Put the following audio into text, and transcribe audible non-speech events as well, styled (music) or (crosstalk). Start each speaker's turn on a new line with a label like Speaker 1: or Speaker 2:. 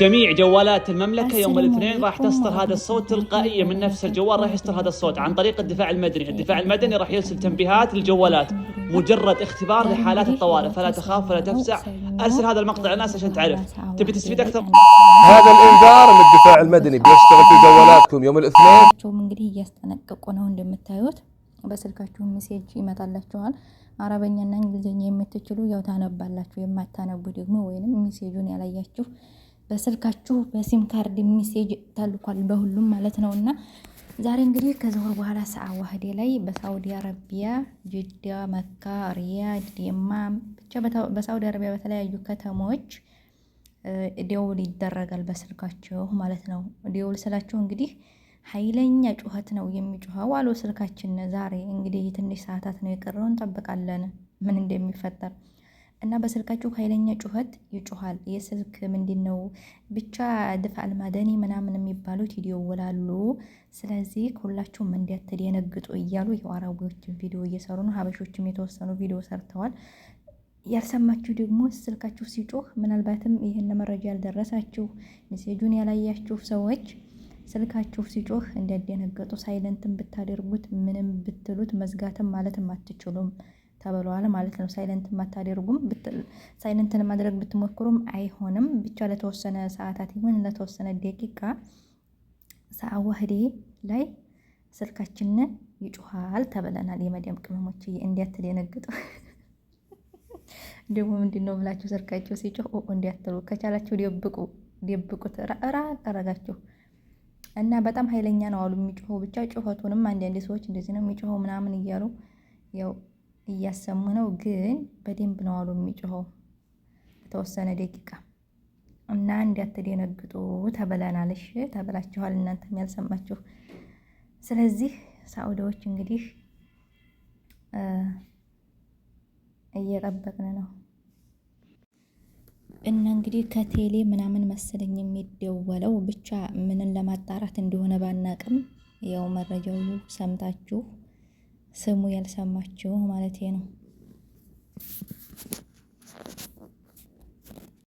Speaker 1: جميع جوالات المملكه يوم الاثنين راح تصدر هذا الصوت تلقائيا من نفس الجوال راح يصدر هذا الصوت عن طريق الدفاع المدني، الدفاع المدني راح يرسل تنبيهات للجوالات مجرد اختبار لحالات الطوارئ فلا تخاف ولا تفزع، ارسل هذا المقطع للناس عشان تعرف، تبي تستفيد اكثر هذا الانذار من الدفاع المدني بيشتغل في جوالاتكم يوم الاثنين
Speaker 2: ቸውም እንግዲህ እያስጠነቀቁ ነው እንደምታዩት በስልካችሁ ሜሴጅ ይመጣላችኋል። አረበኛና እንግሊዝኛ የምትችሉ ያው ታነባላችሁ፣ የማታነቡ ደግሞ ወይንም ሜሴጁን ያላያችሁ በስልካችሁ በሲም ካርድ ሚሴጅ ተልኳል፣ በሁሉም ማለት ነው። እና ዛሬ እንግዲህ ከዙሁር በኋላ ሰዓ ዋህዴ ላይ በሳውዲ አረቢያ ጅዳ፣ መካ፣ ሪያድ፣ የማም ብቻ በሳውዲ አረቢያ በተለያዩ ከተሞች ደውል ይደረጋል በስልካቸው ማለት ነው። ደውል ስላቸው እንግዲህ ኃይለኛ ጩኸት ነው የሚጮኸው አሎ ስልካችን። ዛሬ እንግዲህ ትንሽ ሰዓታት ነው የቀረው፣ እንጠብቃለን ምን እንደሚፈጠር እና በስልካችሁ ኃይለኛ ጩኸት ይጮሃል። የስልክ ምንድን ነው ብቻ ድፍ አልማደኒ ምናምን የሚባሉት ይደወላሉ። ስለዚህ ሁላችሁም እንዲያትል የነግጡ እያሉ ያው ቪዲዮ እየሰሩ ነው። ሀበሾችም የተወሰኑ ቪዲዮ ሰርተዋል። ያልሰማችሁ ደግሞ ስልካችሁ ሲጮህ ምናልባትም ይህን መረጃ ያልደረሳችሁ ሜሴጁን ያላያችሁ ሰዎች ስልካችሁ ሲጮህ እንዲያደነገጡ ሳይለንትን ብታደርጉት ምንም ብትሉት መዝጋትም ማለትም አትችሉም። ተብለዋል ማለት ነው። ሳይለንት ማታደርጉም ሳይለንትን ማድረግ ብትሞክሩም አይሆንም። ብቻ ለተወሰነ ሰዓታት ይሁን ለተወሰነ ደቂቃ ሰአዋህዴ ላይ ስልካችን ይጮሃል ተብለናል። የመዲያም ቅመሞች እንዲያትደነግጡ (laughs) ደግሞ ምንድን ነው ብላችሁ ስልካችሁ ሲጮህ እንዲያትሉ ከቻላችሁ ደብቁ ደብቁት ራቅ አረጋችሁ እና በጣም ኃይለኛ ነው አሉ የሚጮኸው። ብቻ ጩኸቱንም አንዳንድ ሰዎች እንደዚህ ነው የሚጮኸው ምናምን እያሉ ያው እያሰሙ ነው፣ ግን በደንብ ነው አሉ የሚጮኸው የተወሰነ ደቂቃ እና እንዳትደነግጡ ተበላናል። እሺ ተበላችኋል፣ እናንተም ያልሰማችሁ። ስለዚህ ሳኡዲዎች እንግዲህ እየጠበቅን ነው እና እንግዲህ ከቴሌ ምናምን መሰለኝ የሚደወለው ብቻ ምንን ለማጣራት እንደሆነ ባናቅም ያው መረጃው ሰምታችሁ ስሙ ያልሰማችሁ ማለት ነው።